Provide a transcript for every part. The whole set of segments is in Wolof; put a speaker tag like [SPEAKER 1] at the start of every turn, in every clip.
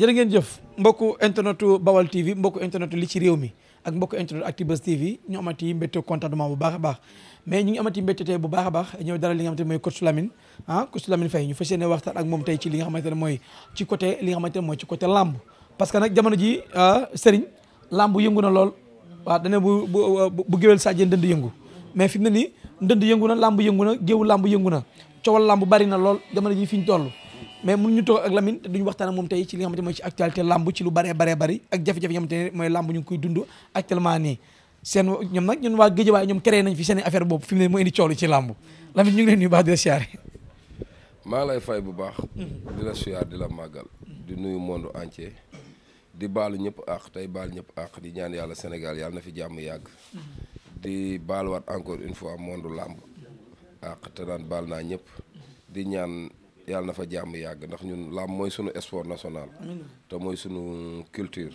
[SPEAKER 1] jërë ngeen jëf mbokku internetu Bawal TV mbokku internetu ci réew mi ak mbokku internetu Actubuzz TV ñu amati mbétte contentement bu baax a baax mais ñu ngi bu baax a baax ñëw dara li nga xamante ne mooy coach Lamine ah coach Lamine Faye ñu ne mooy ci côté li nga xamante ne mooy ci côté làmb parce que nag jamono ji ah, Serigne làmb yëngu na lool waaw dane bu bu géwél Sadio ndënd yëngu mais fi mu ne nii ndënd yëngu na làmb yëngu na géewu làmb yëngu na coowal làmb bari na lool jamono ji fi ñu toll mais mun ñu toog ak Lamine moom tey ci li nga xamante mooy ci actualité lamb ci lu baree baree bari ak jafe-jafe yi nga xamante ne mooy lamb waa Géejawaay ñoom créé nañ fi seen affaire boobu fi ngi leen nuyu
[SPEAKER 2] maa lay fay bu baax di la siyaar di la màggal di nuyu monde entier di baalu ñëpp àq tey baal ñëpp àq di ñaan yàlla Sénégal yàlla na fi jàmm yàgg di baal baaluwaat encore une fois monde lamb àq te naan baal naa ñëpp di ñaan yàlla na fa jàmm yàgg ndax ñun làmb mooy sunu sport national te mooy sunu culture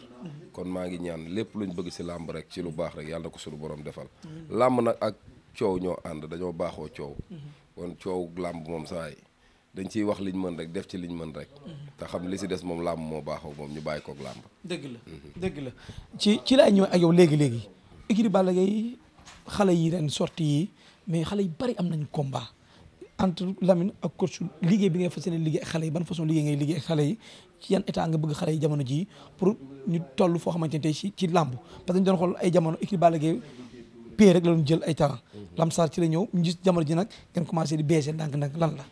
[SPEAKER 2] kon maa ngi ñaan lépp lu luñ bëgg si làmb rek ci lu baax rek yàlla na ko sunu borom defal làmb nag ak coow ñoo ànd dañoo baaxoo coow kon coow làmb moom saa yi dañ ciy wax liñ mën rek def ci liñ mën rek te xam li si des moom làmb moo baaxoo moom ñu bàyyi koog làmb
[SPEAKER 1] dégg la mhm. dëgg la ci ci laay ñëw ak yow léegi-léegi écurie Balla Gaye xale yi ren sorti yi mais xale yi bari am nañ combat entre Lamine ak coach liggéey bi ngay fas yéene liggéey xale yi ban façon liggéey ngay liggéey ak xale yi ci yan état nga bëgg xale yi jamono jii pour ñu toll foo xamante tey ci ci làmb parce que ñu ay jamono équipe Balla Gaye la jël ay talent lamsaar ci la ñëw ji nag ngeen commencé di baissé ndànk-ndànk lan la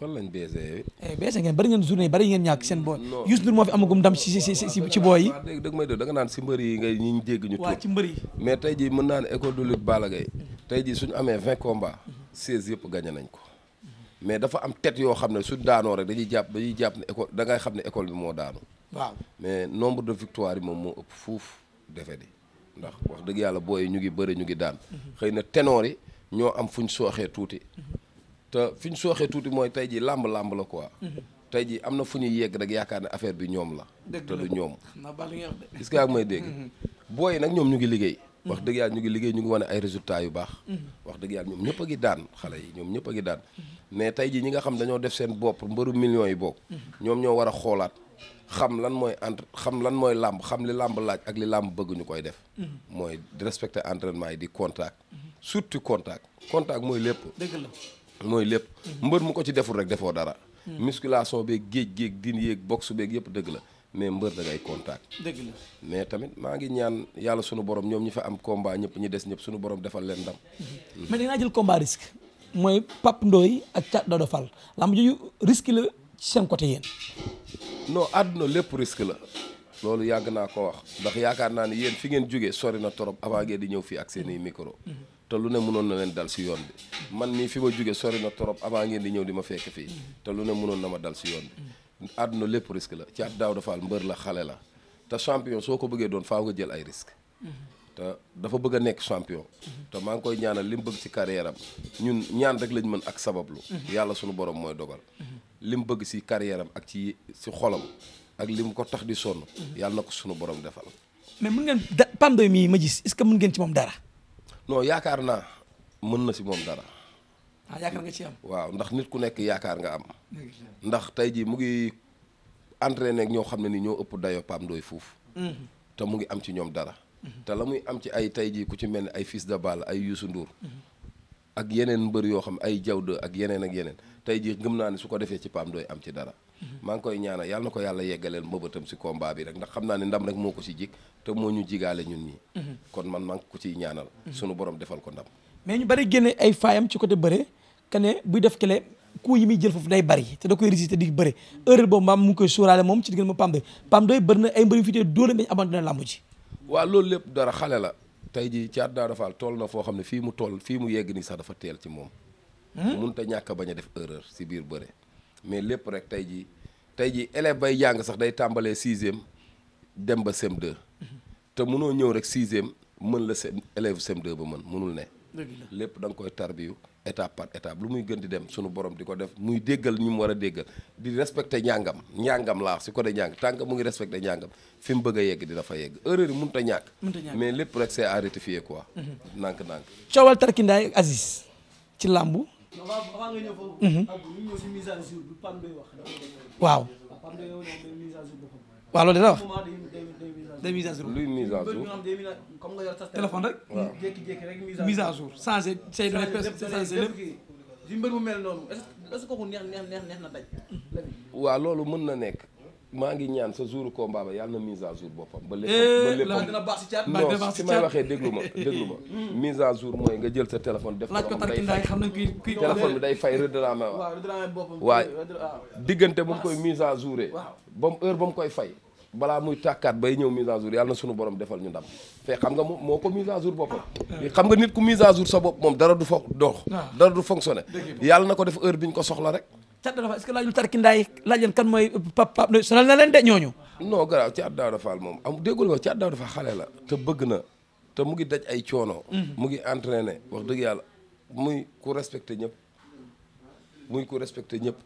[SPEAKER 2] fan lañ baissé eh, baissé ngeen
[SPEAKER 1] bari ngeen journée bari ngeen ñàkk seen booy Youssou Ndour moo fi amagum ndam ci ci ci ci booy yi
[SPEAKER 2] dégg dëgg ñu dégg ñu tuur mais tey ji mën naa école de lutte Balla tey ji suñu amee vingt combats 16 yëpp gañe nañ ko mais dafa am tête yoo xam ne suñ daanoo rek dañuy jàpp dañuy jàpp ne école dangay xam ne école bi moo daanu. waaw mais nombre de victoire yi moom moo ëpp fuuf defe di ndax wax dëgg yàlla booy ñu ngi bëri ñu ngi daan. xëy na ténor yi ñoo am fuñ sooxee tuuti. te fi ñu sooxee tuuti mooy tey jii làmb làmb la quoi. tey jii am na fu ñuy yegg rek yaakaar ne affaire bi ñoom la. te du ñoom. na bal ngeen de. gis nga ak may dégg. booy nag ñoom ñu ngi liggéey. wax dëgg yàlla ñu ngi liggéey ñu ngi wane ay résultats yu baax wax dëgg yàlla ñoom ñëpp a ngi daan xale yi ñoom ñëpp a ngi daan mais tey jii ñi nga xam dañoo def seen bopp mbëru millions yi bokk ñoom ñoo war a xoolaat xam lan mooy entre xam lan mooy làmb xam li làmb laaj ak li làmb bëgg ñu koy def mooy respecter entraînement yi di contact surtout contact contact mooy lépp dëgg la mooy lépp mbër mu ko ci deful rek defoo dara musculation bee géej géeg din yéeg boxe beeg yëpp dëgg la mais mbër da ngay contact. dëgg mais tamit maa ngi ñaan yàlla sunu borom ñoom ñi fa am combat ñëpp ñi des ñëpp sunu borom defal leen ndam. Mhm. mais
[SPEAKER 1] dinaa jël combat risque. mooy papp Ndoye ak Thiat Dodo Fall lamb ji risque la ci seen côté yéen.
[SPEAKER 2] non àdduna lépp risque la. loolu yàgg naa ko wax ndax yaakaar naa ne yéen fi ngeen jógee sori na trop avant ngeen di ñëw fii ak seeni micro. te lu ne mënoon na leen dal si yoon bi. man nii fi ma jógee sori na trop avant ngeen di ñëw di ma fekk fii. te lu ne mënoon na ma dal si yoon àdduna lépp risque la ci at daaw dafa am mbër la xale la te champion soo ko bëggee doon faaw nga jël ay risque te dafa bëgg a nekk champion te maa ngi koy ñaanal lim bëgg si carrière am ñun ñaan rek lañ mën ak sabablu yàlla sunu borom mooy dogal li mu bëgg ci carrière ak ci ci xolam ak li mu ko tax di sonn yàlla na ko sunu borom defal
[SPEAKER 1] mais mën ngeen mi ma gis est-ce que mën ngeen ci moom dara
[SPEAKER 2] noo yaakaar naa mën na si moom dara
[SPEAKER 1] ah yaakaar
[SPEAKER 2] waaw ndax nit ku nekk yaakaar nga am. ndax tey jii mu ngi entraîné ak ñoo xam ne ni ñoo ëpp dayo Pape Ndoye fuuf. Mm-hmm. te mu ngi am ci ñoom dara. Mm-hmm. te la muy am ci ay tey jii ku ci mel ni ay Fils de Balla ay Youssou nduur mm-hmm. ak yeneen mbër yoo xam ay jawde ak yeneen ak yeneen tey jii gëm naa ne su ko defee ci Pape Ndoye am ci dara. maa ngi koy ñaanal yàlla na ko yàlla yeggaleel mbëbëtam si combat bi rek ndax xam naa ne ndam rek moo ko si jik te moo ñu jigaale ñun ñi kon man maa ngi ko ciy ñaanal. sunu borom defal ko ndam.
[SPEAKER 1] ay faayam ci côté bëre que ne buy def kele coup yi muy jël foofu day bari te da koy résister di bëre erreur boobu maam mu ngi koy sóoraale moom ci diggante ma pam doy pam doy bëri na ay mbëri fi tee dóole bañ abandonné làmb ji loolu lépp
[SPEAKER 2] dara xale la tey jii ci àdduna dafaal toll na foo xam ne fii mu toll fii mu yegg nii sax dafa teel ci moom hmm? mun te ñàkk bañ a def erreur si biir bëre mais lépp rek tey jii tey jii élève bay jàng sax day tàmbalee sixième dem ba sem 2 hmm. te munoo ñëw rek sixième mën la élève CM2 ba mën munul ne lépp da koy tarbiyu étape par étape lu muy gën di dem suñu boroom di ko def muy déggal ñu mu war a déggal di respecté njàngam njàngam laa si ko de njàng tant mu ngi respecté njàngam fi mu bëgg a yegg dina fa yegg erreur yi mënut
[SPEAKER 1] a mais
[SPEAKER 2] lépp rek c'est à rectifier quoi. Mhm. nànk-nànk.
[SPEAKER 1] coowal tarkindaay ak ci làmbu. Mhm. waaw. waaw loolu dina wax. day mise à jour luy mise à jour. comme nga yor sa téléphone rek. waaw jékki-jékki rek mise à jour. changé say lépp changé lépp. mbër mu mel noonu est-ce que kooku neex neex neex na daj.
[SPEAKER 2] waaw loolu mën na nekk. maa ngi ñaan sa jour combat ba yàlla na mise à jour boppam. ba lépp eh, ba dina baax si may waxee déglu ma déglu ma. Hmm. mise à jour mooy nga jël sa téléphone. def ko xam day fay xam na kii kii bi day fay redramé waaw. Ah, waaw redramé diggante ba mu koy mise à jour. waaw ba mu heure ba mu koy fay. balaa muy tàkkaat bay ñëw mise a jour yàlla na sunu borom defal ñu ndam fekk xam nga moom moo ko mise à jour boppam eh. xam nga nit ku mise à jour sa bopp moom dara du fa dox ah. dara du fonctionné na ko def heure bi ñu ko soxla rek
[SPEAKER 1] Thiat Daouda Fall est-ce que laajul tarkindaay laaj leen kan mooy pap pap sonal na leen de ñooñu
[SPEAKER 2] non garaaw Thiat Daouda Fall moom am déggul nga Thiat xale la te bëgg na te mu ngi daj ay coono mm-hmm. mu ngi entraîné wax dëgg yàlla muy ku respecté ñëpp muy ku respecté ñëpp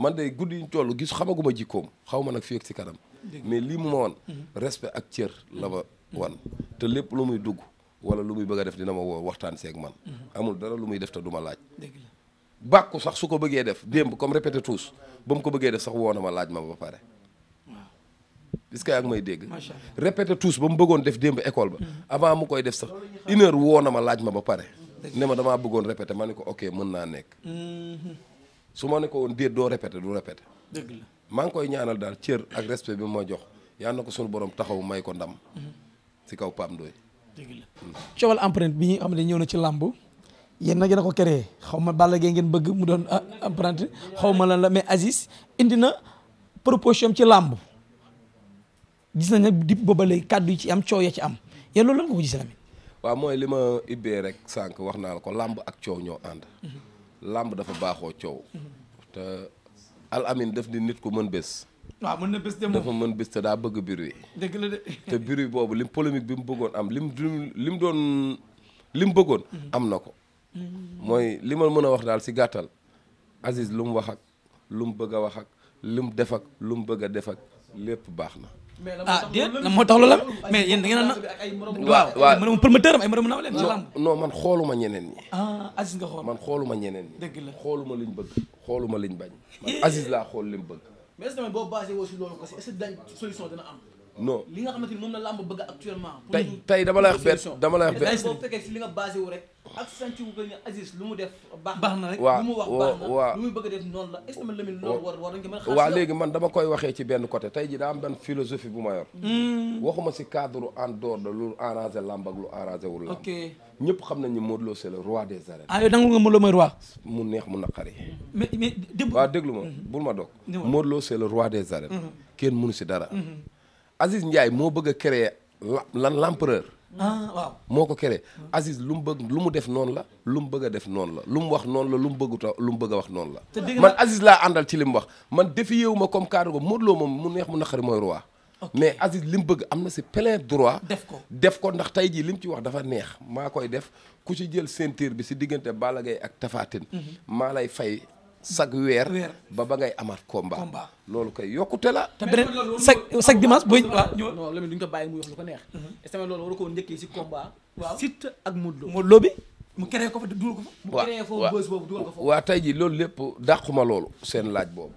[SPEAKER 2] man de guddi ñu toll gis xamaguma jikkoom xaw ma nag fii ak ci kanam mais lii mu ma wan mm-hmm. respect ak cër la ma mm-hmm. wan te lépp lu muy dugg wala lu muy bëgg a def dina ma waxtaan seek man amul dara lu muy def te duma ma laaj bàkku sax su ko bëggee def démb comme répété tous ba mu ko bëggee def sax woo laaj ma ba pare. bis que yaa ngi may dégg. répété tous ba mu bëggoon def démb école ba. Hmm. avant mu koy def sax une heure na ma laaj ma ba pare. ne ma damaa bëggoon répété ma ne ko ok mën naa nekk.
[SPEAKER 1] Hmm.
[SPEAKER 2] su ma ne woon déet doo répété du répété. maa ngi koy ñaanal daal cër ak respect bi ma jox yal na ko suñu boroom taxaw may ko ndam. Hmm. si kaw paam Ndoye. dëgg
[SPEAKER 1] la bi nga xam ne ñëw na ci làmb. yéen na yéen ko créé xaw ma Balla Gaye ngeen bëgg mu doon ah, apprenti xaw ma lan la mais Aziz indi na proposition ci làmb gis nañ nag dip booba léegi kàddu yi ci am coow ya ci am yéen loolu lan nga
[SPEAKER 2] ko mooy li ma ubbee rek sànq wax naa la ko làmb ak coow ñoo dafa baaxoo coow. te al amin daf di nit ku mën bés. waaw mën na bés de dafa mën bés te daa bëgg bruit. dëgg la de. te bruit boobu lim bi mu bëggoon am lim du lim doon lim bëggoon. am na ko. mooy li ma mën a wax daal si gàttal Aziz lu mu wax ak lu mu bëgg a wax ak lu mu def ak lu mu bëgg a def ak lépp baax na. ah déet lan moo tax loolu mais yéen da ngeen na waaw waaw mën promoteur am man xooluma ñeneen ñi ah Aziz nga xool man xooluma ñeneen ñi la xooluma liñ bëgg xooluma liñ bañ man eh. Aziz laa xool li mu bëgg
[SPEAKER 1] mais est-ce que boo basé woo si loolu li nga xamante ni moom la làmb bëgg actuellement tey tey dama lay wax benn dama lay wax benn boo fekkee si li nga basé wu rek ak sànci wu ko ne lu mu def baax na rek lu mu wax baax na waaw lu mu bëgg a def noonu la est-ce que loolu war war nañ ko léegi
[SPEAKER 2] man dama koy waxee ci benn côté tey ji daa am benn philosophie bu ma yor hmm. waxuma si cadre en door de lu arrangé làmb ak lu arrangé wul la ñëpp xam nañu Modou Lo c'est le roi des arènes ah
[SPEAKER 1] yow nangu nga Modou Lo mooy roi
[SPEAKER 2] mu neex mun naqari mais mais dégg waaw déglu ma hmm. bul ma doog Modou Lo c'est roi des arènes hmm. kenn mënu si dara Ndiaye moo bëgg a créer lan l'empereur ah moo ko créé Aziz lu mu bëgg lu mu def noonu la lu mu bëgg def noonu la lu mu wax noonu la lu mu bëggut a lu mu bëgg a wax noonu la man Aziz laa àndal ci li mu wax man defi yéewu comme cadre ko Modou Lo moom mu neex mu naqari mooy roi mais Aziz li mu bëgg am na si plein droit def ko def ko ndax tey jii li mu ci wax dafa neex maa koy def ku ci jël ceinture bi si diggante balagay ak tafaatin mhm. maa lay fay sag weer ba ba ngay amaat komba combat loolu koy yokkute la te beneen sag sag dimanche booy waaw
[SPEAKER 1] non Lamine du ñu ko bàyyi mu lu ko neex mhm. est-ce que loolu war ko njëkkee si combat waaw Siteu ak Modou Lo Modou bi mu créé ko fa dugal ko fa mu créé boobu dugal waa
[SPEAKER 2] tey ji loolu lépp dàquma loolu seen laaj boobu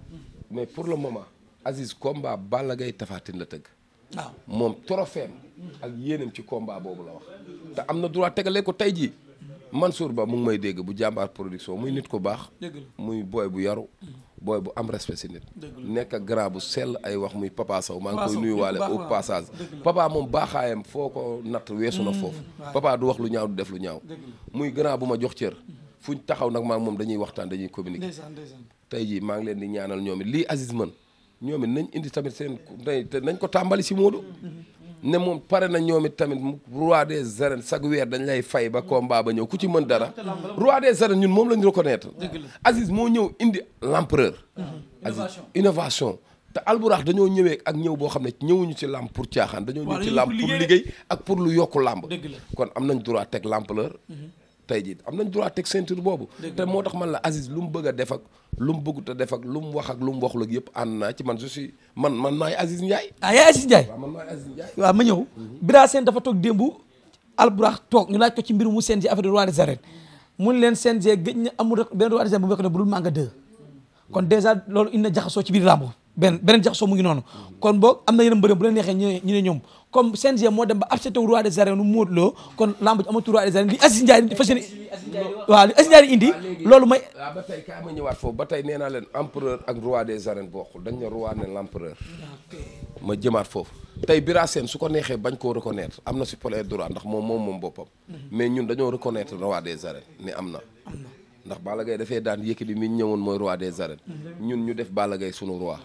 [SPEAKER 2] mais pour le moment Aziz combat Balla Gaye Tapha Tine la tëgg waaw moom trophée am ak yéenam ci komba boobu la wax te am na droit tegale ko tey jii Mansour Ba mu ngi may dégg bu jàmbaar production muy nit ko baax. muy booy bu yaru. Mm. booy bu am respect si nit. nekk ak grand bu sell ay wax muy papa Sow maa ngi koy nuyuwaale au passage. moom baaxaayam foo ko natt weesu na mm. foofu. papa du wax lu ñaaw du def lu ñaaw. muy grand bu ma jox cër. Mm. ñu taxaw nag maa moom dañuy waxtaan dañuy communiquer. tey jii maa ngi leen di ñaanal ñoom lii Aziz man ñoom it nañ indi tamit seen te nañ ko tàmbali si Modou. Mm-hmm. ne moom pare na ñoom it tamit roi de arènes chaque weer dañ lay fay ba combat ba ñëw ku ci mën dara roi des arènes ñun moom lañu reconnaître Aziz moo ñëw indi l'empereur mhm. Aziz innovation te alburax dañoo ñëwee ak ñëw boo xam ne ñëwuñu ci làmb pour caaxaan dañoo ñëw ci làmb pour liggéey ak pour lu yokku làmb kon am nañ droit teg l'empereur mhm. tey jii am na droit teg ceinture boobu. te moo tax man la Aziz lu mu bëgg a def ak lu mu bëggut def ak lu mu wax ak lu mu waxul yëpp ànd naa ci man je suis
[SPEAKER 1] man man maay Aziz Ndiaye. ah yaay Aziz Ndiaye waaw
[SPEAKER 2] man maay Aziz Ndiaye. waaw ma ñëw. Mhm.
[SPEAKER 1] Bira Sène dafa toog démb. Alburax toog ñu laaj ko ci mbirum mu CNG affaire de roi des mun mu ne leen CNG gëj na amul rek benn roi des arènes bu mu wax ne budul Manga kon dèjà loolu indi na jaxasoo ci biir làmb benn beneen jaxasoo mu ngi noonu kon boog am na yeneen mbërëm bu leen neexee ñu ne ñoom comme CNG moo dem ba abseté roi des arènes nu Modou Lo kon lamb ji amatul roi des arènes loolu may waaw
[SPEAKER 2] ah, ba ma ñëwaat foofu ba tey nee naa leen empereur ak roi des arènes bokkul dañ ne roi ne l'empereur ma jëmaat foofu tey Bira Sène su ko neexee bañ koo reconnaître am na si plein droit ndax moom moom moom boppam mhm. mais ñun dañoo reconnaître roi des arènes ni am na ndax Balla Gaye dafee daan Yékini mi ñëwoon mooy roi des arènes mhm. ñun ñu def Balla Gaye sunu roi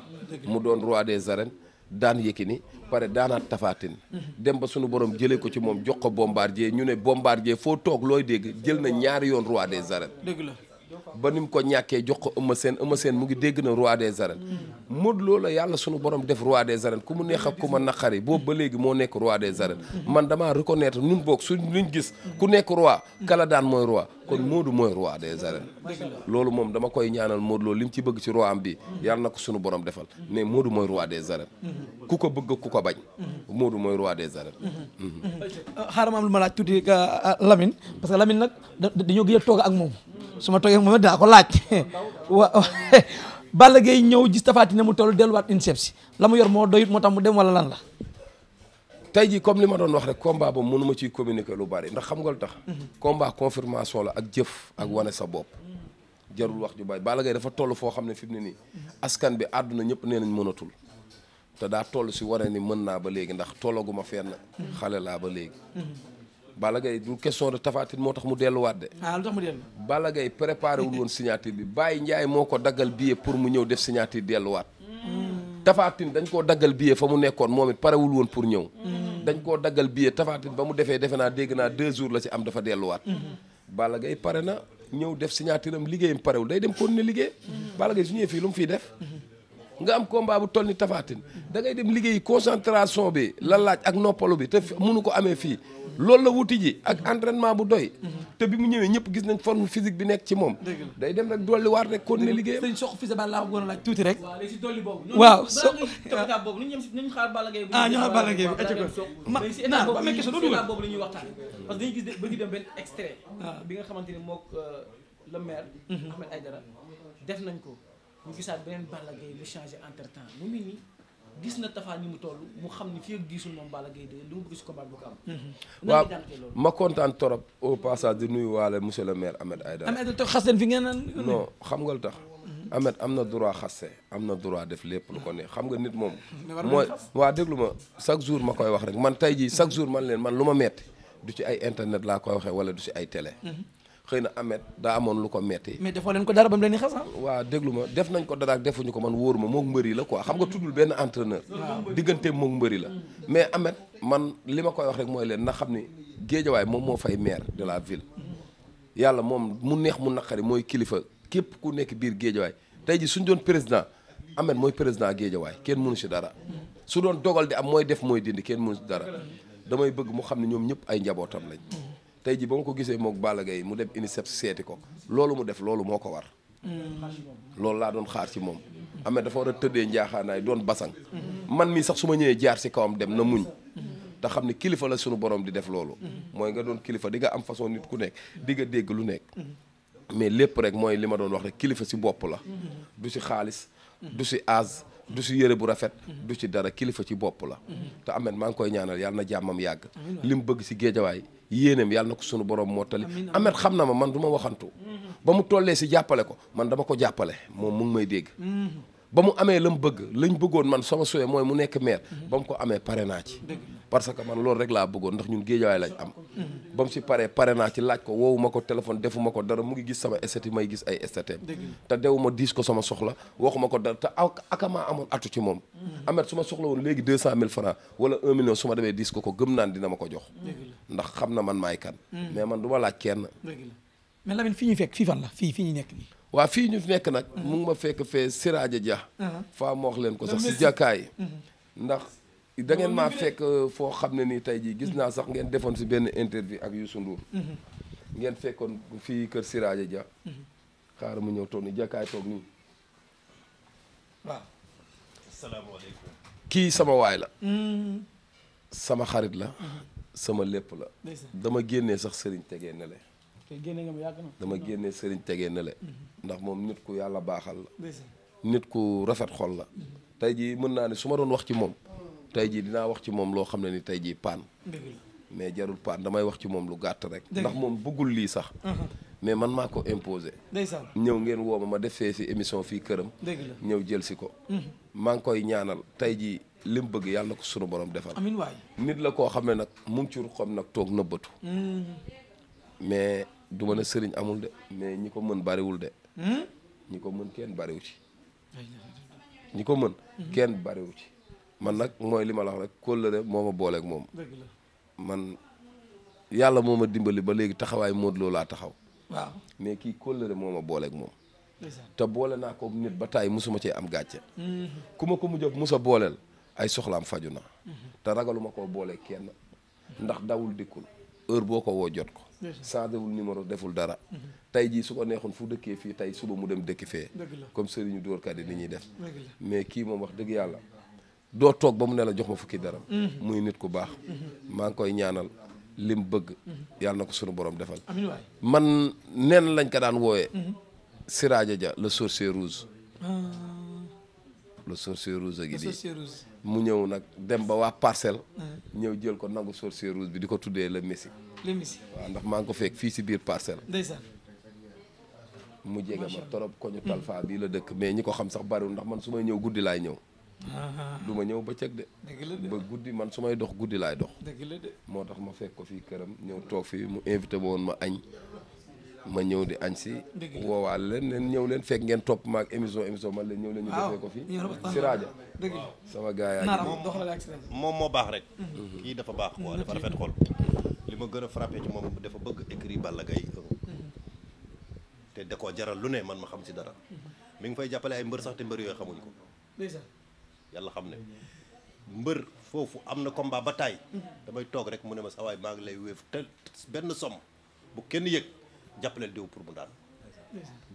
[SPEAKER 2] mu doon roi des arènes daan Yékini pare daanaat tafaatin dem ba sunu borom jëlee ko ci moom jox ko bombaar jee ñu ne bombaar jee foo toog looy dégg jël na ñaari yoon roi des arènes dëgg la ba ni mu ko ñàkkee jox ko Eumeu Sène Eumeu Sène mu ngi dégg na roi des arènes mm. Modou Lo la yàlla sunu borom def roi des arènes ku mu neex ku ma naqari boobu ba léegi moo nekk roi des arènes mm. man damaa reconnaître nun boog suñ luñ gis ku nekk roi kala daan mooy roi kon Modou mooy roi des arènes dama koy ñaanal Modou Lo li ci bëgg ci roi bi mm. yàlla na ko sunu borom defal ne Modou mooy roi des
[SPEAKER 1] mm-hmm.
[SPEAKER 2] ku ko bëgg ku ko bañ mm-hmm. Modou mooy roi des arènes
[SPEAKER 1] mm-hmm. xaaral a am lu ma laaj tuuti euh, Lamine parce que Lamine nag dañoo gëj a toog ak moom su ma toogee moom it daa ko laaj wa Balla Gaye ñëw gis Tapha Tine mu toll delluwaat INSEP si la mu yor moo doyut moo tax mu dem wala lan la tey jii comme li ma doon wax rek combat ba mënu mënuma ciy
[SPEAKER 2] communiquer lu bari ndax xam nga lu tax mhm. combat confirmation la ak jëf ak wane sa bopp jarul wax ñu bari Balla Gaye dafa toll foo xam ne fi mu ne nii askan bi àdduna ñëpp nee nañ mënatul te daa toll si wane ni mën naa ba léegi ndax tollaguma fenn mhm. xale laa ba léegi mhm. Balla Gaye du question de Tapha moo tax mu delluwaat de. ah lu tax mu dellu. Balla Gaye préparé wul woon signature bi Baye Ndiaye moo ko daggal billet pour mu ñëw def signature delluwaat. Hmm. Tapha Tine dañ koo daggal billet fa mu nekkoon moom it parewul woon pour ñëw. Hmm. dañ koo daggal billet Tapha Tine ba mu defee defe naa dégg naa deux jours la ci am dafa delluwaat. Hmm. Balla Gaye pare na ñëw def signature am liggéeyam parewul day dem continuer liggéey. Balla Gaye su ñëwee fii lu mu fiy def. nga am combat bu toll ni tafaatin dangay ngay dem liggéey concentration bi la laaj ak noppalu bi te mënu ko amee fii loolu la wuti ji ak entraînement bu doy te bi mu ñëwee ñëpp gis nañ forme physique bi nekk ci moom day
[SPEAKER 1] dem rek dolli waar rek kon ne liggéey sëñ sox fils Balla laa ko gën a laaj tuuti rek waaw léegi bi ba amee question doo boobu bi nga xamante ni mook euh, le maire mhm. Ahmed Aïdara def nañ ko ñu gisaat beneen Balla Gaye bu changé entre mu mel gis na Tapha ni mu toll mu xam ni fi ak diisul moom Balla Gaye de li mu bëgg si combat bu ko am. Mhm. waaw
[SPEAKER 2] ma kontaan trop au passage di nuyu waale monsieur le maire Ahmed Aïdara. Ahmed
[SPEAKER 1] tax xas leen fi ngeen naan. non
[SPEAKER 2] xam nga lu tax. Ahmed am na droit xaste am na droit def lépp lu ko ne xam nga nit moom. mooy waa déglu ma chaque jour ma koy wax rek man tey jii chaque jour man leen man lu ma metti du ci ay internet laa koy waxee wala du ci ay télé. Mhm. xëy na Ameth daa amoon lu ko metti mais defoo
[SPEAKER 1] leen ko dara ba mu leen di xas ah?
[SPEAKER 2] waaw déglu ma def nañ ko dara ak defuñu ko man wóoruma mook mbëri la quoi xam nga tuddul benn entraîneur diggante mook mbëri la mais Ameth man li ma koy wax rek mooy leen na xam ni géejawaay moom moo fay maire de la ville yàlla moom mu neex mu naqari mooy kilifa képp ku nekk biir géejawaay tey ji suñ doon président Ameth mooy président géejawaay kenn mënu si dara su doon dogal di am mooy def mooy dindi kenn mënu si dara damay bëgg mu xam ne ñoom ñëpp ay njabootam lañ tey ji ba ma ko gisee mook Balla Gaye mu dem UNICEF seeti ko loolu mu def loolu moo ko war loolu laa doon xaar ci moom amee dafa war a tëddee njaaxaanaay doon basang man mii sax su ma ñëwee jaar si kawam dem na muñ te xam ne kilifa la sunu boroom di def loolu mooy nga doon kilifa di nga am façon nit ku nekk di nga dégg lu nekk mais lépp rek mooy li ma doon wax rek kilifa si bopp la du si xaalis du si aas du si yére bu rafet du si dara kilifa ci bopp la te maa ngi koy ñaanal yàlla na jàmmam yàgg yéeneem yàlla na ko sunu borom mottali amet xam na ma man du waxantu mm-hmm. ba mu tollee si jàppale ko man dama ko jàppale moom mu may dégg mm-hmm. ba mu amee la mu bëgg lañ bëggoon man sama souhait mooy mu nekk maire ba mu ko amee pare naa ci parce que man loolu rek laa bëggoon ndax ñun géejawaay lañ am ba mu si paree pare naa ci laaj ko woowu ma ko téléphone defu ma ko dara mu ngi gis sama estati may gis ay estatem te dewu ma diis ko sama soxla waxuma ko dara te ak akamaa amoon atu ci moom mm-hmm. amet su ma soxla woon léegi deux cent mille francs wala un million su ma demee diis ko ko gëm naan dina ma ko jox ndax xam na man maay kan mm. mais ma laaj kenn
[SPEAKER 1] mais fi ñuy fekk fii fan la fii fi ñu nekk
[SPEAKER 2] waa fii ñu nekk nag mu ngi ma fekk fee Siraaja Dia uh-huh. faa ma leen ko sax si jàkkaay uh-huh. ndax dangeen ngeen maa fekk uh, foo xam ne nii tey jii gis naa sax ngeen defoon si benn interview ak Youssou Ndour uh-huh. ngeen fekkoon fii kër Siraaja Dia xaaral mu ñëw toog ni jàkkaay toog nii kii sama waay la
[SPEAKER 1] mm-hmm.
[SPEAKER 2] sama xarit la sama lépp la dama génnee sax sëriñ tegee ne
[SPEAKER 1] te génne nga mu yàgg na dama génne
[SPEAKER 2] sëriñ tegee na le ndax moom nit ku yàlla baaxal nit ku rafet xol la tey ji mën naa ne su ma doon wax ci moom tey jii dinaa wax ci moom loo xam ne ni tey jii paan mais jarul paan damay wax ci moom lu gàtt rek ndax moom bëggul lii sax uh-huh. mais man maa ko imposé ndeysaan ñëw ngeen woo ma ma defee fi émission fii këram ñëw jël si ko uh-huh. maa ngi koy ñaanal tey jii li bëgg yàlla ko sunu borom defal amiin waay nit la koo xam ne nag mu ngi ci ruxam nag toog nëbbatu uh-huh. mais du ma ne sëriñ amul de mais ñi ko mën bariwul de. Hmm? ñi ko mën kenn bariwu ci. ñi ko mën. Hmm. kenn bariwu ci. man nag mooy li ma la wax rek kóllëre moo ma booleeg moom. man yàlla moo ma dimbali ba léegi taxawaay mootloo laa taxaw. waaw mais kii kóllëre moo ma booleek moom. te boole naa ko nit ba taay mosuma cee am gàcce. Hmm. ku ma ko mujj a mos a booleel ay soxlaam faju na te ragaluma koo boole kenn ndax dawul dikkul heure boo ko woo jot ko. saadawul numéro deful dara tey jii su ko neexul fu dëkkee fii tey suba mu dem dëkk fee comme sëriñu dóorkat yi ni ñuy def mais kii moom wax dëgg yàlla doo toog ba mu ne la jox ma fukki dara mhm. muy nit ku baax mhm. maa ngi koy ñaanal lim bëgg mhm. yàlla na ko sunu borom defal man nen lañ ko daan wooyee Siraaja Ja le sorcier rouge ah. le sorcier rouge a ngi di mu ñëw nag dem ba waa parcelle. ñëw jël ko nagu sorcier rouge bi di ko tuddee la messi. le waaw ndax maa ngi ko fekk fii si biir parcelle. ndeysaan. mu jege ma torop ko ñu mm. bii la dëkk mais ñi ko xam sax bariwul ndax man su may ñëw guddi laay ñëw.
[SPEAKER 1] Ah. du ma
[SPEAKER 2] ñëw bëccëg de. ba guddi man su may dox guddi laay dox. dëgg moo tax ma fekk ko fii këram ñëw toog fii mu invité ma woon ma añ. ma ñëw di añ si woowaal leen leen ñëw leen fekk ngeen topp maak émission émission man leen ñëw leen ñu defee ko fii si rajo sama gars yaa
[SPEAKER 1] moom moo baax
[SPEAKER 2] rek mhm. Mhm. kii dafa baax mhm. quoi dafa rafet xol li ma
[SPEAKER 3] gën a frappé ci moom dafa bëgg écrit Balla Gaye te da koo jaral lu ne man ma xam si dara mi ngi fay jàppale ay mbër sax te mbër yooyu xamuñ ko yàlla xam ne mbër foofu am na combat ba taay damay toog rek mu ne ma sa waay maa ngi lay wéef te benn somm bu kenn yëg jàppaleel diw pour mu daan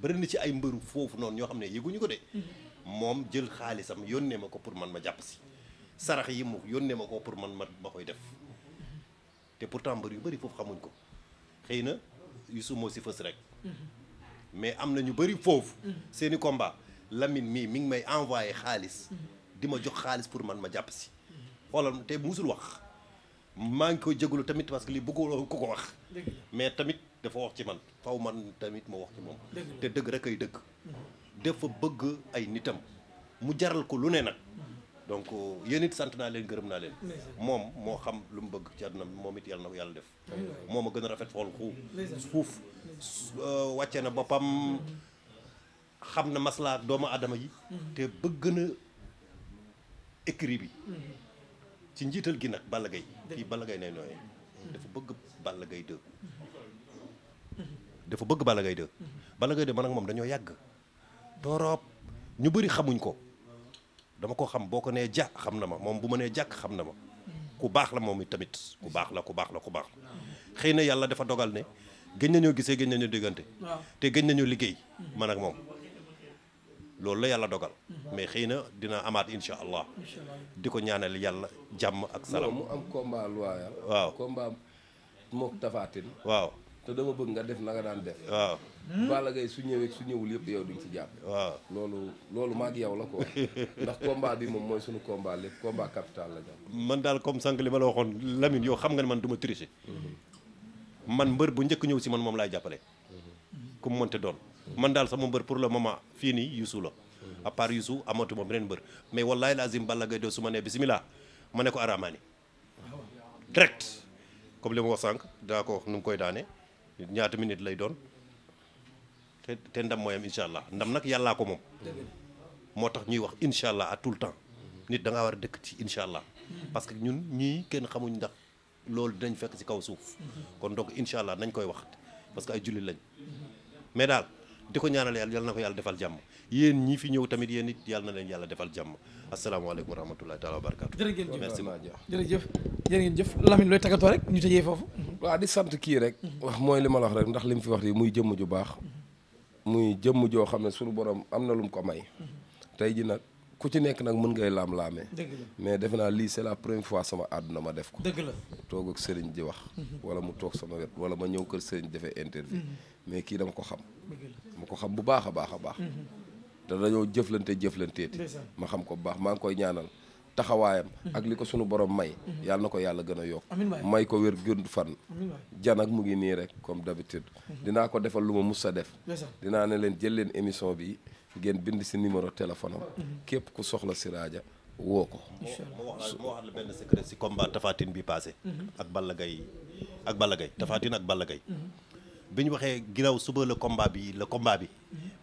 [SPEAKER 3] bëri na ci ay mbëru foofu noonu ñoo xam ne yëguñu ko de moom jël xaalisam yónnee ma ko pour man ma jàpp si sarax yi mu yónnee ma ko pour man ma ma koy def te pourtant mbër yu bëri foofu xamuñ ko xëy na Youssou moo si fës rek mais am na ñu bëri foofu seeni combat Lamine mii mi ngi may envoyé xaalis di ma jox xaalis pour man ma jàpp si xoolal te musul wax maa ngi koy jégalu tamit parce que lii ko ko wax mais tamit dafa wax ci man faw man tamit moo wax ci moom te dëgg rek ay dëgg mhm. dafa bëgg ay nitam mu jaral ko lu ne nag mhm. donc euh, yéen sant naa leen gërëm naa leen moom moo xam lu mu bëgg ci àdduna moom it yàlla na ko yàlla def moom a gën a rafet xool xu fuuf euh, wàcce na boppam mhm. xam na maslaa doomu aadama yi te bëgg na écrit bi ci njiital gi nag Balla Gaye fii Balla Gaye nay nooyee dafa bëgg Balla Gaye dëgg dafa bëgg Balla Gaye 2. Mhm. Balla Gaye 2 man ak moom dañoo yàgg. torop ñu bari xamuñ ko dama ko xam boo ko nee ja xam na ma moom bu ma nee jàkk xam na ma. Mhm. ku baax la moom it tamit ku baax la ku baax la ku baax la mhm. xëy na yàlla dafa dogal ne gëj nañoo gisee gëj nañoo diggante te gëj nañoo liggéey man ak moom loolu la yàlla dogal mais xëy na dina amaat insha allah di ko ñaanal yàlla jàmm ak salaam mu
[SPEAKER 2] am combat waaw combat mook waaw te dama bëgg nga def nanga daan def. waaw. Balla Gaye su ñëwee su ñëwul yëpp yow duñ ci jàpp. waaw loolu loolu maag yow la ko ndax combat bi moom mooy suñu combat lépp combat capital la jàpp.
[SPEAKER 3] man daal comme sànq li ma la waxoon Lamine yow xam nga ne man ma tricher. Mhm. man mbër bu njëkk ñëw si man moom laay jàppale.
[SPEAKER 2] Mhm.
[SPEAKER 3] ku mu mënte man daal sama mbër pour le moment fii nii Youssou la. Mhm. à part Youssou amatuma beneen mbër mais wallaahi lazim Balla Gaye doo su ma nee bisimilah ma ne ko araamaani ah direct comme li ma wax sànq daa ko wax nu mu koy daane. ñaata minute lay doon te te ndam mooy am allah ndam nag yàllaa ko moom moo tax ñuy wax incha allah à tout le temps nit da war a dëkk ci incha allah parce que ñun ñii kenn xamuñ ndax loolu dinañ fekk ci kaw suuf kon donc incha allah nañ koy wax parce que ay jullit lañ mais daal di ko ñaanal yàlla yal na ko yàlla defal jàmm yéen ñi fi ñëw tamit yéen it yàlla na leen yàlla defal jàmm asalaamaaleykum wa rahmatullahi
[SPEAKER 2] taala wa barakatu jërëjëf
[SPEAKER 1] merci ma jox jërëjëf jërë ngeen jëf Lamine looy tàggatoo rek ñu tëjee foofu waa
[SPEAKER 2] di sant kii rek wax mooy li ma la wax rek ndax li mu fi wax di muy jëmm ju baax muy jëmm joo xam ne suñu borom am na lu mu ko may tey ji nag ku ci nekk nag mën ngay laam-laamee mais defe naa lii c'est la première fois sama àdduna ma def ko dëgg la toog ak sëriñ ji wax wala mu toog sama wet wala ma ñëw kër sëriñ defee interview mais kii dama ko xam dama ko xam bu baax a baax a baax te dañoo jëflante jëflanteeti ma xam ko bu baax maa ngi koy ñaanal taxawaayam mhm. ak li ko sunu borom may mhm. yàlla na ko yàlla gën a yokk may ko wér gën fan jan ak mu ngi nii rek comme d'habitude mhm. dinaa ko defal lu ma mus a def dinaa ne leen jël leen émission bi ngeen bind si numéro téléphone képp ku soxla Siraaja woo ko moo wax la bi passé ak Balla Gaye ak Balla
[SPEAKER 3] Gaye bi ñu waxee ginnaaw suba la combat bi la komba bi.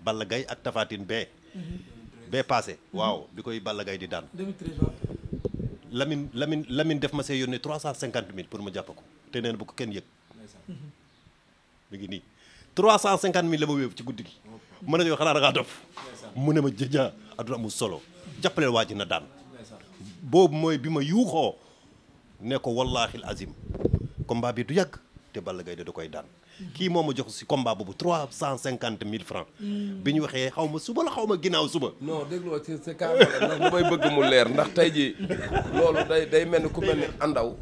[SPEAKER 3] Balla Gaye ak Tapha Tine bee. bee paase. waaw bi koy Balla Gaye di daan. Lamine Lamine Lamine def ma see yónnee trois cent cinquante mille pour ma jàpp ko te neen bu ko kenn yëg. mi ngi nii trois cent cinquante mille la ma wéew ci guddi gi. mën nañoo xanaa a ngaa dof mu ne ma jëja aduna amul solo. jàppaleel waa na daan. boobu mooy bi ma yuuxoo ne ko wallaahi azim combat bi du yàgg te Balla Gaye da koy daan. kii moom ma jox si combat boobu trois cent cinquante mille francs bi
[SPEAKER 2] ñu waxee xaw ma suba la xaw ma ginnaaw suba. non dégloo ci sa kàddu ndax lu may bëgg mu leer ndax tey jii loolu day mel ni ku mel ni andaw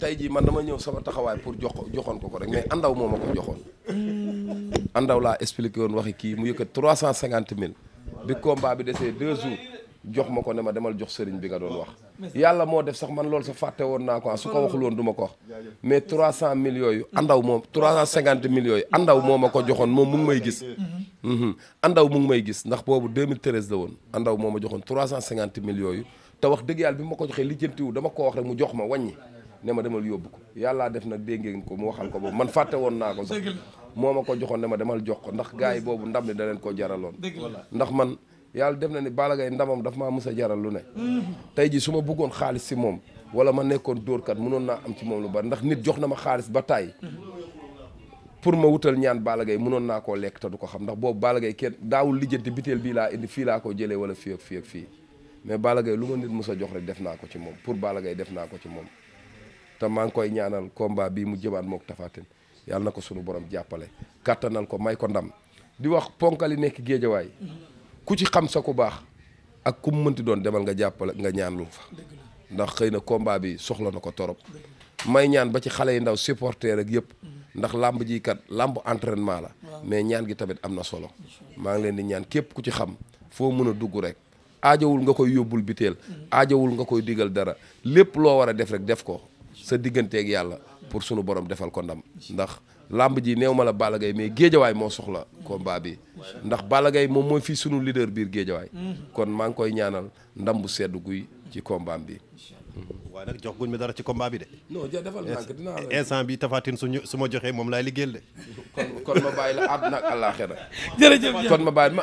[SPEAKER 2] tey jii man dama ñëw sama taxawaay pour jox joxoon ko ko rek mais andaw moo ma ko joxoon. Hmm. andaw laa explique woon waxi kii mu yëkkat trois cent cinquante mille bi combat bi desee deux jours. jox ma ko ne ma demal jox sëriñ bi nga doon wax yàlla moo def sax man lool sa fàtte woon naa ko su ma ko wax mais trois cent mille yooyu andaw moom trois moo ma ko joxoon moom mu ngi may gis mm-hmm. Mm-hmm. andaw mu ngi gis ndax boobu 2013 la woon andaw moo ma joxoon trois cent cinquante mille yooyu te wax dëgg yàlla bi ma ko joxee lijjantiwu dama ko wax rek mu jox ma wàññi ko yàllaa def nag dégg ko mu waxal ko boobu man fàtte woon naa ko sax moo ma ko joxoon ne ma demal jox ko ndax gars yi boobu ndam li da leen koo jaraloon ndax man yàlla def na ni Balla ndamam daf maa mës a jaral lu ne tey ji su ma bëggoon xaalis si moom wala ma nekkoon dóor kat mënoon naa am ci moom lu bari ndax nit jox na ma xaalis ba tàyyi pour ma wutal ñaan Balla Gaye mënoon naa koo lekk te du ko xam ndax boo Balla Gaye kenn daawul lijjanti biteel bii laa indi fii laa ko jëlee wala fii ak fii ak fii mais Balla lu ma nit musa jox rek def naa ko ci moom pour Balla def naa ko ci moom te maa ngi koy ñaanal combat bii mu jëmaat mook Tapha Tine yàlla na ko sunu borom jàppale kattanal ko may ko ndam di wax ponkali nekk géejawaay ku ci xam sa ku baax ak ku mu mënti doon demal nga jàppale nga ñaan lu fa ndax xëy na kombaa bi soxla na ko torop may ñaan ba ci xale yi ndaw supporter rek yëpp ndax làmb ji kat làmb entraînement la mais ñaan gi tamit am na solo maa ngi leen di ñaan képp ku ci xam foo mën a dugg rek aajawul nga koy yóbbul biteel mm-hmm. aajowul nga koy digal dara lépp loo war a def rek def ko sa digganteeg yàlla pour sunu borom defal ko ndam làmb ji néew ma la Balla Gaye mais géejawaay moo soxla kombaa bi ndax Balla Gaye moom mooy fii sunu leader biir géejawaay kon maa ngi koy ñaanal ndam bu sedd guy ci combat bi. waaye nag ma dara ci combat bi de. non ja defal ndànk dinaa la bi tafaatin suñu su ma joxee moom laay liggéeyal de. kon ma bàyyi la àdduna ak àllaaxira jërëjëf kon ma bàyyi ma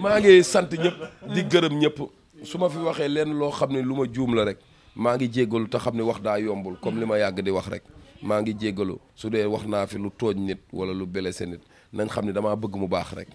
[SPEAKER 2] maa ngi sant ñëpp di gërëm ñëpp su ma fi waxee lenn loo xam ne lu ma juum la rek maa ngi jéggalu te xam ne wax daa yombul comme li ma yàgg di wax rek. maa ngi jéggalu su dee wax naa fi lu tooñ nit wala lu blessé nit nañ xam ne damaa bëgg mu baax rek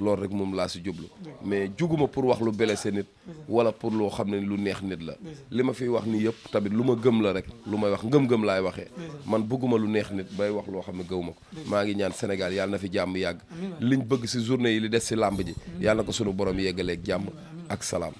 [SPEAKER 2] loolu rek moom laa si jublu mais juguma pour wax lu blessé nit wala pour loo xam ne lu neex nit la li ma fiy wax ni yëpp tamit lu ma gëm la rek lu may wax ngëm-ngëm laay waxee man bëgguma lu neex nit bay wax loo xam ne gëwuma ko maa ngi ñaan Sénégal yàlla na fi jàmm yàgg liñ bëgg si journée yi li des si làmb ji yàlla na ko sunu borom yeggaleeg jàmm ak salaam